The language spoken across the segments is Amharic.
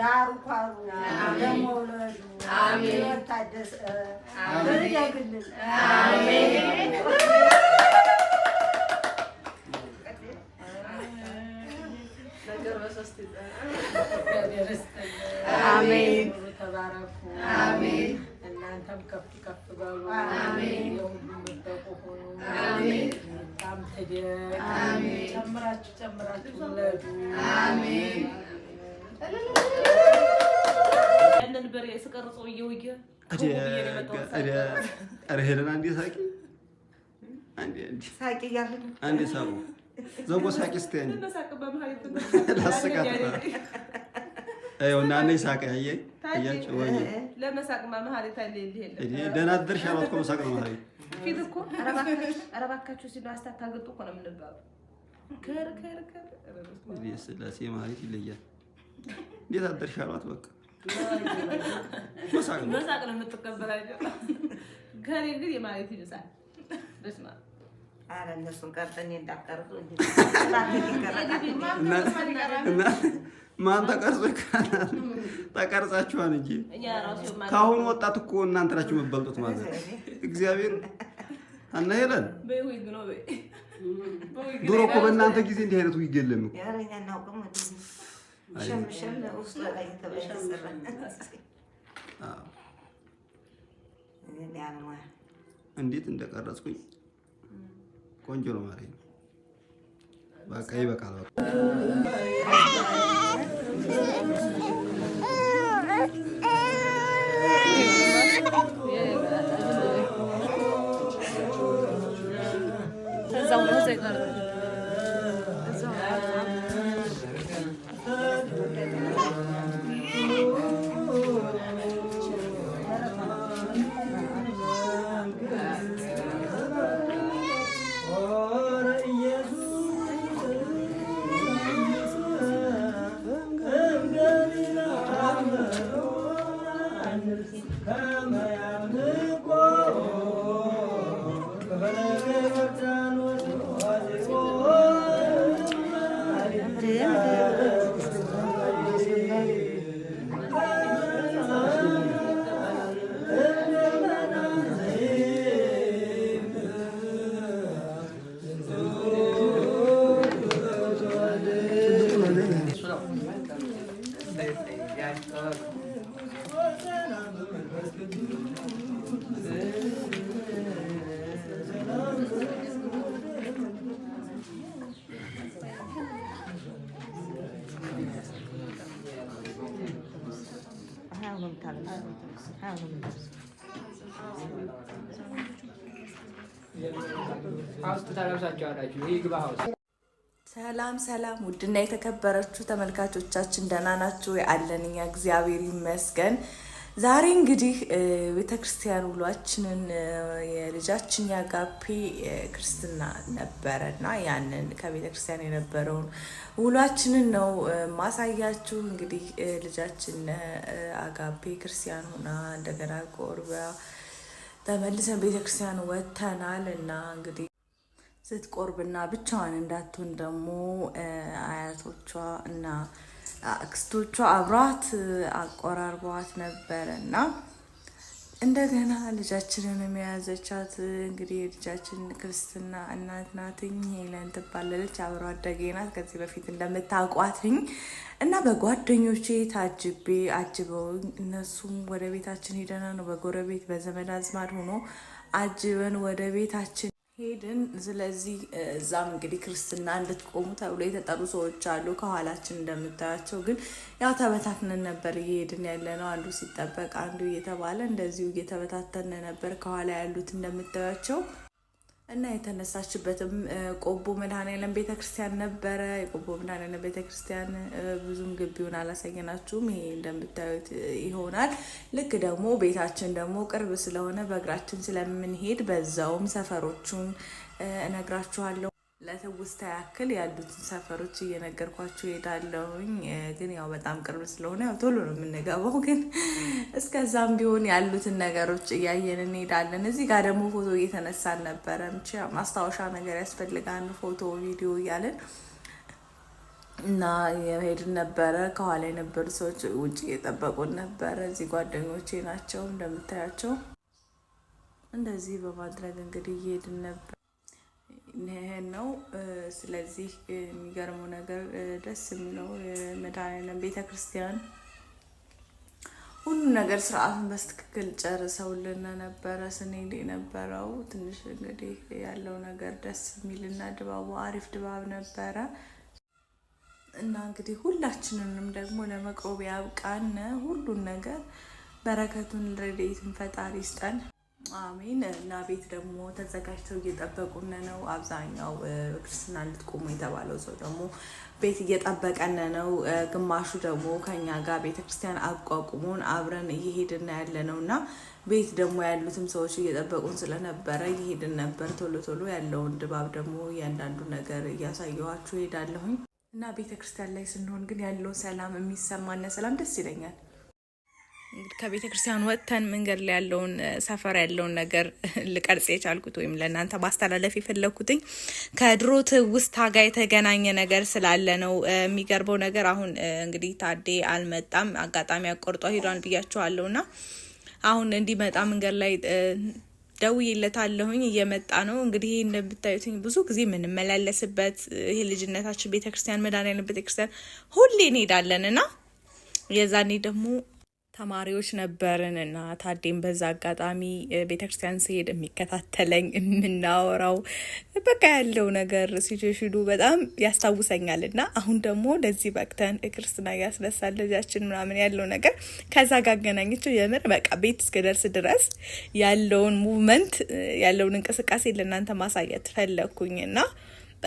ዳሩ ኳሩ ለመውለዱ ታደሰ በልጅ አሜን። ተባረኩ። እናንተም ከፍ ከፍ በሉ። አሜን። የሁሉም መጠቁ ሆኑ። አሜን። በጣም ጨምራችሁ ጨምራችሁ ውለዱ። አሜን። ያንን በሬ ስቀርጸው እየውየ ኧረ ሄደን አንዴ ሳቂ አንዴ ሳቡ ዘጎ ሳቂ ስትይ ላስቃት እና እኔ ሳቂ አየህ እያቸው ለመሳቅ መሀሌት ደህና አደርሽ አሏት እኮ መሳቅ ነው መሀሌት ፊት እኮ ኧረ እባካችሁ ሲሉ አስታታግጡ እኮ ነው የምንባለው። ከር ከር ከር ስላሴ መሀሌት ይለያል። እንዴት አደርሽ አሏት። በቃ በሳቅ ነው የምትቀበላቸው። ከኔ ግን የማለት ይብሳል። በስመ አብ ኧረ እነሱን ቀርጠን ማን ተቀርጾ ተቀርጻችኋል እንጂ ከአሁኑ ወጣት እኮ እናንተ ናችሁ የምትበልጡት ማለት ነው። እግዚአብሔር አና ሄለን ድሮ እኮ በእናንተ ጊዜ እንዲህ አይነት ውይግ የለም እኮ እንዴት እንደቀረጽኩኝ ቆንጆ ነው ማለት ነው። በቃ ይበቃል። በቃ ናቸው አላችሁ። ይህ ግባ ሀውስ ሰላም ሰላም፣ ውድና የተከበረችሁ ተመልካቾቻችን ደህና ናችሁ? ያለንኛ እግዚአብሔር ይመስገን። ዛሬ እንግዲህ ቤተክርስቲያን ውሏችንን የልጃችን የአጋፔ ክርስትና ነበረ እና ያንን ከቤተክርስቲያን የነበረውን ውሏችንን ነው ማሳያችሁ። እንግዲህ ልጃችን አጋፔ ክርስቲያን ሆና እንደገና ቆርባ ተመልሰን ቤተክርስቲያን ወጥተናል እና እንግዲህ ስትቆርብና ብቻዋን እንዳትሆን ደግሞ አያቶቿ እና አክስቶቿ አብሯት አቆራርበዋት ነበረ እና እንደገና ልጃችንን የያዘቻት እንግዲህ የልጃችን ክርስትና እናት ናትኝ ሄለን ትባላለች። አብሮ አደጌ ናት። ከዚህ በፊት እንደምታውቋትኝ እና በጓደኞቼ ታጅቤ አጅበው እነሱም ወደ ቤታችን ሄደና ነው በጎረቤት በዘመድ አዝማድ ሆኖ አጅበን ወደ ቤታችን ሄድን። ስለዚህ እዛም እንግዲህ ክርስትና እንድትቆሙ ተብሎ የተጠሩ ሰዎች አሉ፣ ከኋላችን እንደምታያቸው። ግን ያው ተበታትነን ነበር እየሄድን ያለ ነው። አንዱ ሲጠበቅ አንዱ እየተባለ እንደዚሁ እየተበታተን ነበር። ከኋላ ያሉት እንደምታያቸው እና የተነሳችበትም ቆቦ መድኃኔዓለም ቤተክርስቲያን ነበረ። የቆቦ መድኃኔዓለም ቤተክርስቲያን ብዙም ግቢውን አላሳየናችሁም። ይሄ እንደምታዩት ይሆናል። ልክ ደግሞ ቤታችን ደግሞ ቅርብ ስለሆነ በእግራችን ስለምንሄድ በዛውም ሰፈሮቹን እነግራችኋለሁ። ለትውስታ ያክል ያሉትን ሰፈሮች እየነገርኳችሁ ሄዳለሁኝ። ግን ያው በጣም ቅርብ ስለሆነ ያው ቶሎ ነው የምንገባው። ግን እስከዛም ቢሆን ያሉትን ነገሮች እያየን እንሄዳለን። እዚህ ጋር ደግሞ ፎቶ እየተነሳን ነበረ። ማስታወሻ ነገር ያስፈልጋል፣ ፎቶ ቪዲዮ እያለን እና የሄድን ነበረ። ከኋላ የነበሩ ሰዎች ውጭ እየጠበቁን ነበረ። እዚህ ጓደኞቼ ናቸው እንደምታያቸው። እንደዚህ በማድረግ እንግዲህ እየሄድን ነበር ይህን ነው። ስለዚህ የሚገርመው ነገር ደስ የሚለው መድኃኔዓለም ቤተ ክርስቲያን ሁሉ ነገር ስርዓቱን በስትክክል ጨርሰውልን ነበረ ስንሄድ የነበረው ትንሽ እንግዲህ ያለው ነገር ደስ የሚልና ድባቡ አሪፍ ድባብ ነበረ እና እንግዲህ ሁላችንንም ደግሞ ለመቆቢያ ያብቃን። ሁሉን ነገር በረከቱን ረድኤቱን ፈጣሪ ይስጠን። አሜን። እና ቤት ደግሞ ተዘጋጅተው እየጠበቁን ነው። አብዛኛው ክርስትና እንድትቆሙ የተባለው ሰው ደግሞ ቤት እየጠበቀን ነው። ግማሹ ደግሞ ከኛ ጋር ቤተክርስቲያን አቋቁሞን አብረን እየሄድን ያለ ነው እና ቤት ደግሞ ያሉትም ሰዎች እየጠበቁን ስለነበረ እየሄድን ነበር። ቶሎ ቶሎ ያለውን ድባብ ደግሞ እያንዳንዱ ነገር እያሳየኋችሁ እሄዳለሁኝ እና ቤተክርስቲያን ላይ ስንሆን ግን ያለው ሰላም የሚሰማን ሰላም ደስ ይለኛል። ከቤተ ክርስቲያን ወጥተን መንገድ ላይ ያለውን ሰፈር ያለውን ነገር ልቀርጽ የቻልኩት ወይም ለእናንተ ማስተላለፍ የፈለግኩትኝ ከድሮ ትውስታ ጋር የተገናኘ ነገር ስላለ ነው። የሚገርበው ነገር አሁን እንግዲህ ታዴ አልመጣም፣ አጋጣሚ አቆርጧ ሂዷን ብያቸዋለሁ እና አሁን እንዲመጣ መንገድ ላይ ደውዬለታለሁኝ እየመጣ ነው። እንግዲህ ይህ እንደምታዩትኝ ብዙ ጊዜ የምንመላለስበት ይህ ልጅነታችን ቤተክርስቲያን መድኃኔዓለም ቤተክርስቲያን ሁሌ እንሄዳለን እና የዛኔ ደግሞ ተማሪዎች ነበርን እና ታዴም በዛ አጋጣሚ ቤተክርስቲያን ስሄድ የሚከታተለኝ የምናወራው በቃ ያለው ነገር ሲሽዱ በጣም ያስታውሰኛል። እና አሁን ደግሞ ለዚህ በቅተን ክርስትና ያስነሳል ለዚያችን ምናምን ያለው ነገር ከዛ ጋር የምር በቃ ቤት እስክደርስ ድረስ ያለውን ሙቭመንት ያለውን እንቅስቃሴ ለእናንተ ማሳየት ፈለግኩኝ እና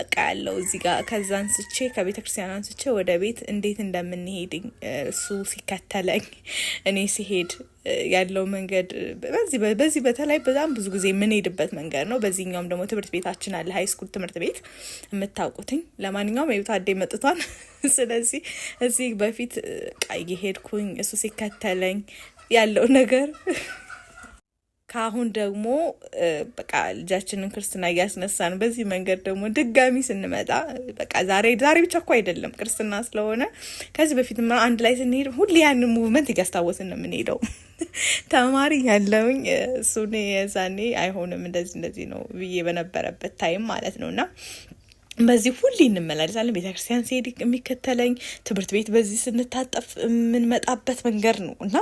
በቃ ያለው እዚህ ጋር ከዛ አንስቼ ከቤተ ክርስቲያን አንስቼ ወደ ቤት እንዴት እንደምንሄድ እሱ ሲከተለኝ እኔ ሲሄድ ያለው መንገድ በዚህ በዚህ በተለይ በጣም ብዙ ጊዜ የምንሄድበት መንገድ ነው። በዚህኛውም ደግሞ ትምህርት ቤታችን አለ፣ ሀይ ስኩል ትምህርት ቤት የምታውቁትኝ። ለማንኛውም የቤቷ አዴ መጥቷል። ስለዚህ እዚህ በፊት ቃይ ሄድኩኝ እሱ ሲከተለኝ ያለው ነገር ከአሁን ደግሞ በቃ ልጃችንን ክርስትና እያስነሳን በዚህ መንገድ ደግሞ ድጋሚ ስንመጣ በቃ ዛሬ ዛሬ ብቻ እኮ አይደለም ክርስትና ስለሆነ ከዚህ በፊት አንድ ላይ ስንሄድ ሁሌ ያንን ሙቭመንት እያስታወስን ነው የምንሄደው። ተማሪ ያለውኝ እሱ የዛኔ አይሆንም እንደዚህ እንደዚህ ነው ብዬ በነበረበት ታይም ማለት ነው እና በዚህ ሁሌ እንመላለሳለን። ቤተክርስቲያን ሲሄድ የሚከተለኝ ትምህርት ቤት በዚህ ስንታጠፍ የምንመጣበት መንገድ ነው እና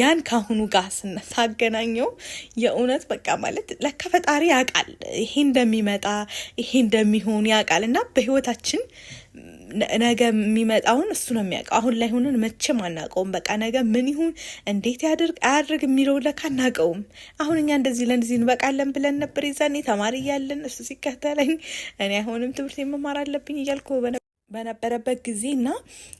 ያን ከአሁኑ ጋር ሳገናኘው የእውነት በቃ ማለት ለካ ፈጣሪ ያውቃል ይሄ እንደሚመጣ ይሄ እንደሚሆን ያውቃል እና በህይወታችን ነገ የሚመጣውን እሱ ነው የሚያውቀው። አሁን ላይ ሆነን መቼም አናውቀውም። በቃ ነገ ምን ይሁን እንዴት ያድርግ አያድርግ የሚለው ለካ አናውቀውም። አሁን እኛ እንደዚህ ለእንደዚህ እንበቃለን ብለን ነበር ይዛኔ ተማሪ እያለን እሱ ሲከተለኝ እኔ አሁንም ትምህርት የመማር አለብኝ እያልኩ በነበረበት ጊዜ እና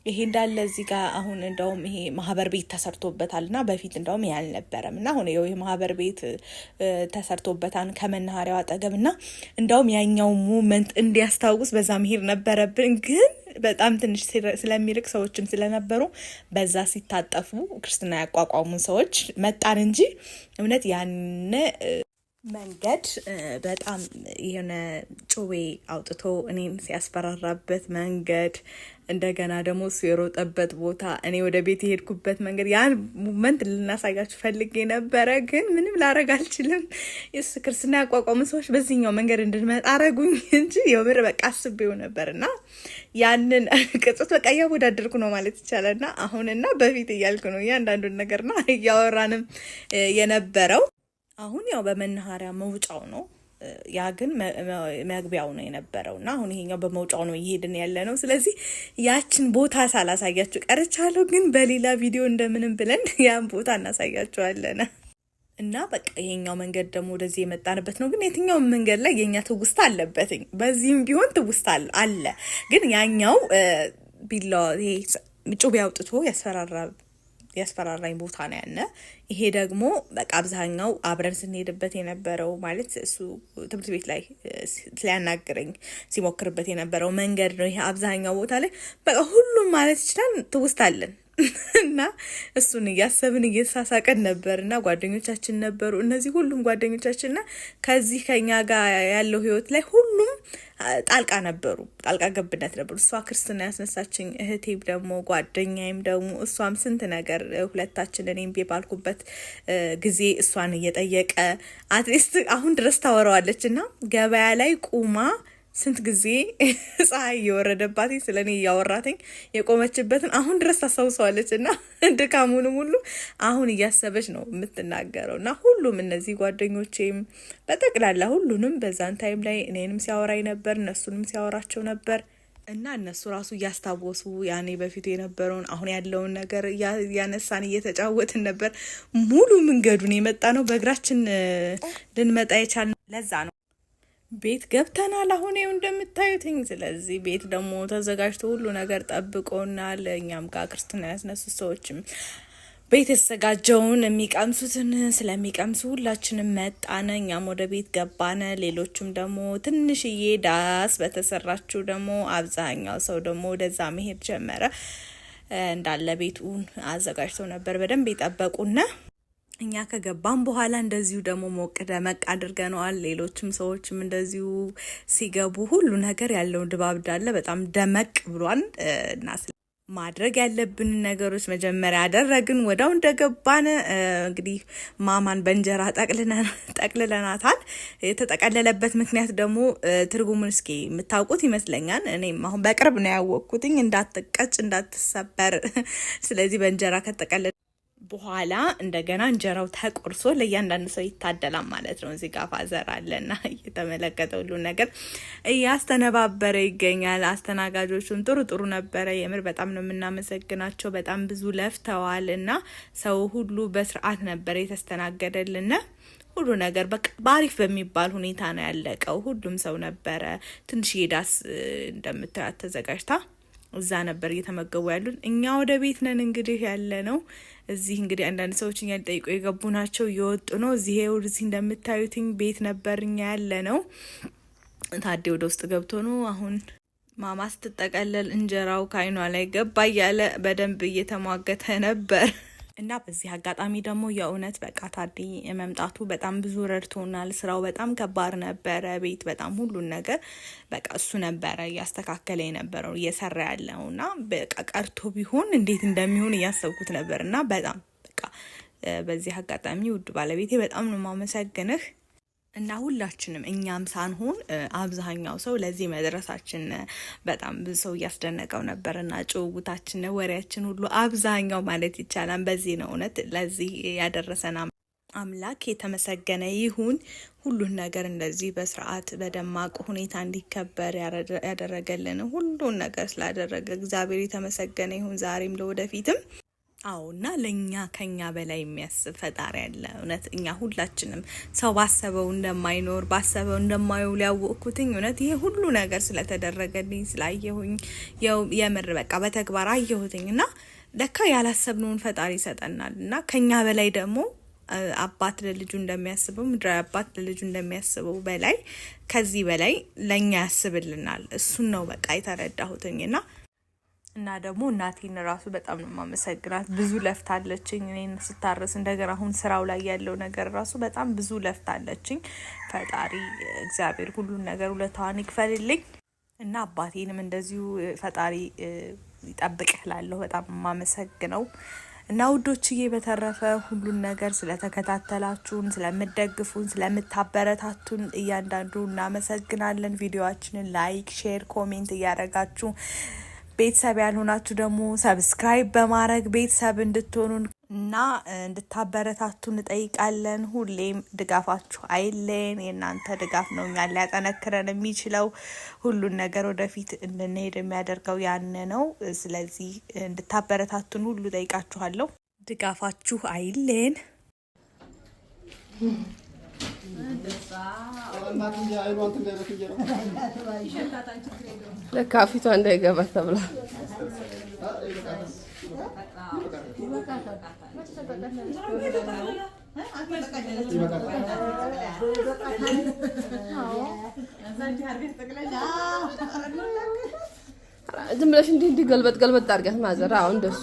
ይሄ እንዳለ እዚህ ጋር አሁን እንደውም ይሄ ማህበር ቤት ተሰርቶበታል እና በፊት እንደውም ይሄ አልነበረም እና አሁን ይሄ ማህበር ቤት ተሰርቶበታል ከመናኸሪያው አጠገብ እና እንደውም ያኛው ሙመንት እንዲያስታውስ በዛ መሄድ ነበረብን ግን በጣም ትንሽ ስለሚርቅ ሰዎችም ስለነበሩ በዛ ሲታጠፉ ክርስትና ያቋቋሙ ሰዎች መጣን እንጂ እምነት ያነ መንገድ በጣም የሆነ ጩቤ አውጥቶ እኔን ሲያስፈራራበት መንገድ እንደገና ደግሞ እሱ የሮጠበት ቦታ እኔ ወደ ቤት የሄድኩበት መንገድ ያን ሙመንት ልናሳያችሁ ፈልጌ ነበረ፣ ግን ምንም ላረግ አልችልም። የሱ ክርስትና ያቋቋሙ ሰዎች በዚህኛው መንገድ እንድንመጣ አረጉኝ እንጂ የምር በቃ አስቤው ነበር እና ያንን ቅጽት በቃ እያወዳደርኩ ነው ማለት ይቻላል። እና አሁንና በፊት እያልኩ ነው እያንዳንዱን ነገርና እያወራንም የነበረው አሁን ያው በመናኸሪያ መውጫው ነው ያ ግን መግቢያው ነው የነበረው እና አሁን ይሄኛው በመውጫው ነው እየሄድን ያለ ነው። ስለዚህ ያችን ቦታ ሳላሳያችሁ ቀርቻለሁ፣ ግን በሌላ ቪዲዮ እንደምንም ብለን ያን ቦታ እናሳያችኋለን። እና በቃ ይሄኛው መንገድ ደግሞ ወደዚህ የመጣንበት ነው። ግን የትኛውም መንገድ ላይ የኛ ትውስታ አለበትኝ። በዚህም ቢሆን ትውስታ አለ። ግን ያኛው ቢላ ጩቤ አውጥቶ ያስፈራራል ያስፈራራኝ ቦታ ነው ያነ። ይሄ ደግሞ በቃ አብዛኛው አብረን ስንሄድበት የነበረው ማለት እሱ ትምህርት ቤት ላይ ሊያናግረኝ ሲሞክርበት የነበረው መንገድ ነው። ይሄ አብዛኛው ቦታ ላይ በቃ ሁሉም ማለት ይችላል ትውስታለን እና እሱን እያሰብን እየተሳሳቀን ነበር እና ጓደኞቻችን ነበሩ እነዚህ ሁሉም ጓደኞቻችን እና ከዚህ ከኛ ጋር ያለው ህይወት ላይ ሁሉም ጣልቃ ነበሩ። ጣልቃ ገብነት ነበሩ። እሷ ክርስትና ያስነሳችኝ እህቴም ደግሞ ጓደኛዬም ደግሞ እሷም ስንት ነገር ሁለታችን እኔም ባልኩበት ጊዜ እሷን እየጠየቀ አትሊስት አሁን ድረስ ታወረዋለች እና ገበያ ላይ ቁማ ስንት ጊዜ ፀሐይ እየወረደባትኝ ስለ እኔ እያወራትኝ የቆመችበትን አሁን ድረስ ታስታውሰዋለች እና ድካሙንም ሁሉ አሁን እያሰበች ነው የምትናገረው። እና ሁሉም እነዚህ ጓደኞቼም በጠቅላላ ሁሉንም በዛን ታይም ላይ እኔንም ሲያወራኝ ነበር፣ እነሱንም ሲያወራቸው ነበር። እና እነሱ ራሱ እያስታወሱ ያኔ በፊቱ የነበረውን አሁን ያለውን ነገር እያነሳን እየተጫወትን ነበር። ሙሉ መንገዱን የመጣ ነው በእግራችን ልንመጣ የቻልን ለዛ ነው። ቤት ገብተናል። አሁን ይኸው እንደምታዩትኝ። ስለዚህ ቤት ደግሞ ተዘጋጅቶ ሁሉ ነገር ጠብቆናል። እኛም ጋር ክርስትና ያስነሱ ሰዎችም ቤት የተዘጋጀውን የሚቀምሱትን ስለሚቀምሱ ሁላችንም መጣነ። እኛም ወደ ቤት ገባነ። ሌሎቹም ደግሞ ትንሽዬ ዳስ በተሰራችው ደግሞ አብዛኛው ሰው ደግሞ ወደዛ መሄድ ጀመረ። እንዳለ ቤቱን አዘጋጅተው ነበር በደንብ የጠበቁና እኛ ከገባም በኋላ እንደዚሁ ደግሞ ሞቅ ደመቅ አድርገነዋል። ሌሎችም ሰዎችም እንደዚሁ ሲገቡ ሁሉ ነገር ያለውን ድባብ እንዳለ በጣም ደመቅ ብሏል እና ማድረግ ያለብንን ነገሮች መጀመሪያ ያደረግን ወዳው እንደገባን እንግዲህ ማማን በእንጀራ ጠቅልለናታል። የተጠቀለለበት ምክንያት ደግሞ ትርጉሙን እስኪ የምታውቁት ይመስለኛል። እኔም አሁን በቅርብ ነው ያወቅኩትኝ። እንዳትቀጭ፣ እንዳትሰበር ስለዚህ በእንጀራ ከተጠቀለ በኋላ እንደገና እንጀራው ተቆርሶ ለእያንዳንዱ ሰው ይታደላል ማለት ነው። እዚህ ጋር ፋዘር አለና እየተመለከተ ሁሉ ነገር እያስተነባበረ ይገኛል። አስተናጋጆቹም ጥሩ ጥሩ ነበረ። የምር በጣም ነው የምናመሰግናቸው። በጣም ብዙ ለፍተዋል እና ሰው ሁሉ በስርዓት ነበረ የተስተናገደልን። ሁሉ ነገር በአሪፍ በሚባል ሁኔታ ነው ያለቀው። ሁሉም ሰው ነበረ ትንሽ ሄዳስ እንደምትራት ተዘጋጅታ እዛ ነበር እየተመገቡ ያሉን። እኛ ወደ ቤት ነን እንግዲህ ያለ ነው። እዚህ እንግዲህ አንዳንድ ሰዎች እኛ ሊጠይቁ የገቡ ናቸው እየወጡ ነው። እዚህ እዚህ እንደምታዩትኝ ቤት ነበር እኛ ያለ ነው። ታዴ ወደ ውስጥ ገብቶ ነው አሁን ማማ ስትጠቀለል እንጀራው ከአይኗ ላይ ገባ እያለ በደንብ እየተሟገተ ነበር። እና በዚህ አጋጣሚ ደግሞ የእውነት በቃ ታዴ መምጣቱ በጣም ብዙ ረድቶናል። ስራው በጣም ከባድ ነበረ፣ ቤት በጣም ሁሉን ነገር በቃ እሱ ነበረ እያስተካከለ የነበረው እየሰራ ያለው እና በቃ ቀርቶ ቢሆን እንዴት እንደሚሆን እያሰብኩት ነበር እና በጣም በቃ በዚህ አጋጣሚ ውድ ባለቤቴ በጣም ነው የማመሰግንህ። እና ሁላችንም እኛም ሳንሆን አብዛኛው ሰው ለዚህ መድረሳችን በጣም ብዙ ሰው እያስደነቀው ነበር። እና ጭውውታችን፣ ወሬያችን ሁሉ አብዛኛው ማለት ይቻላል በዚህ ነው። እውነት ለዚህ ያደረሰን አምላክ የተመሰገነ ይሁን። ሁሉን ነገር እንደዚህ በስርዓት በደማቅ ሁኔታ እንዲከበር ያደረገልን ሁሉን ነገር ስላደረገ እግዚአብሔር የተመሰገነ ይሁን ዛሬም ለወደፊትም አዎ እና ለእኛ ከኛ በላይ የሚያስብ ፈጣሪ አለ። እውነት እኛ ሁላችንም ሰው ባሰበው እንደማይኖር ባሰበው እንደማይውል ያወቅኩትኝ እውነት ይሄ ሁሉ ነገር ስለተደረገልኝ ስላየሁኝ የምር በቃ በተግባር አየሁትኝ እና ለካ ያላሰብነውን ፈጣሪ ይሰጠናል እና ከኛ በላይ ደግሞ አባት ለልጁ እንደሚያስበው ምድራዊ አባት ለልጁ እንደሚያስበው በላይ ከዚህ በላይ ለእኛ ያስብልናል። እሱን ነው በቃ የተረዳሁትኝ እና እና ደግሞ እናቴን ራሱ በጣም ነው የማመሰግናት። ብዙ ለፍታለችኝ እኔን ስታረስ እንደገና አሁን ስራው ላይ ያለው ነገር ራሱ በጣም ብዙ ለፍታለችኝ። ፈጣሪ እግዚአብሔር ሁሉን ነገር ውለታዋን ይክፈልልኝ እና አባቴንም እንደዚሁ ፈጣሪ ይጠብቅህ እላለሁ። በጣም የማመሰግነው እና ውዶችዬ በተረፈ ሁሉን ነገር ስለተከታተላችሁን፣ ስለምደግፉን፣ ስለምታበረታቱን እያንዳንዱ እናመሰግናለን። ቪዲዮችንን ላይክ፣ ሼር፣ ኮሜንት እያደረጋችሁ ቤተሰብ ያልሆናችሁ ደግሞ ሰብስክራይብ በማድረግ ቤተሰብ እንድትሆኑ እና እንድታበረታቱ እንጠይቃለን። ሁሌም ድጋፋችሁ አይለን የእናንተ ድጋፍ ነው እኛን ሊያጠነክረን የሚችለው ሁሉን ነገር ወደፊት እንድንሄድ የሚያደርገው ያን ነው። ስለዚህ እንድታበረታቱን ሁሉ ጠይቃችኋለሁ። ድጋፋችሁ አይለን። ለካ ፊቷ እንዳይገባ ተብላ ዝም ብለሽ እንዲህ እንዲህ ገልበጥ ገልበጥ አድርጊያት ማዘር። አዎ እንደሱ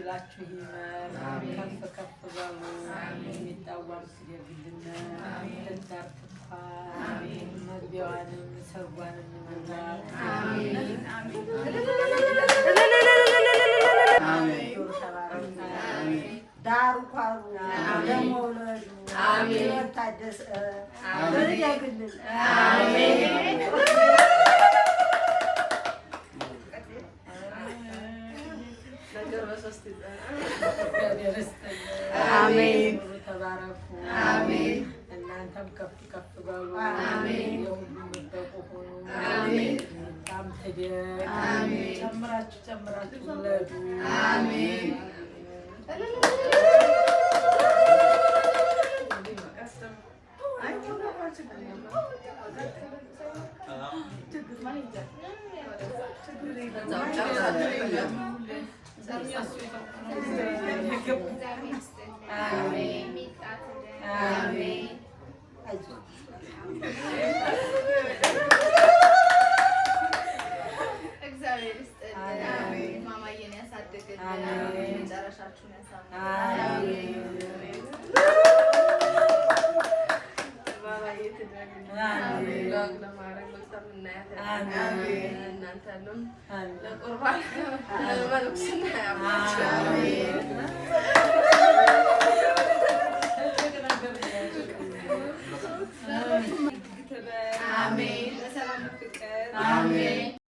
እድላችሁ ይመር፣ ከፍ ከፍ በሉ። የሚጣዋም ስደግልነ ትዳር መግቢያዋንም ሰርጓ macam merah gula dulu ለሁሉም ለቁርባን ለመንኩስና ያብቃችሁ።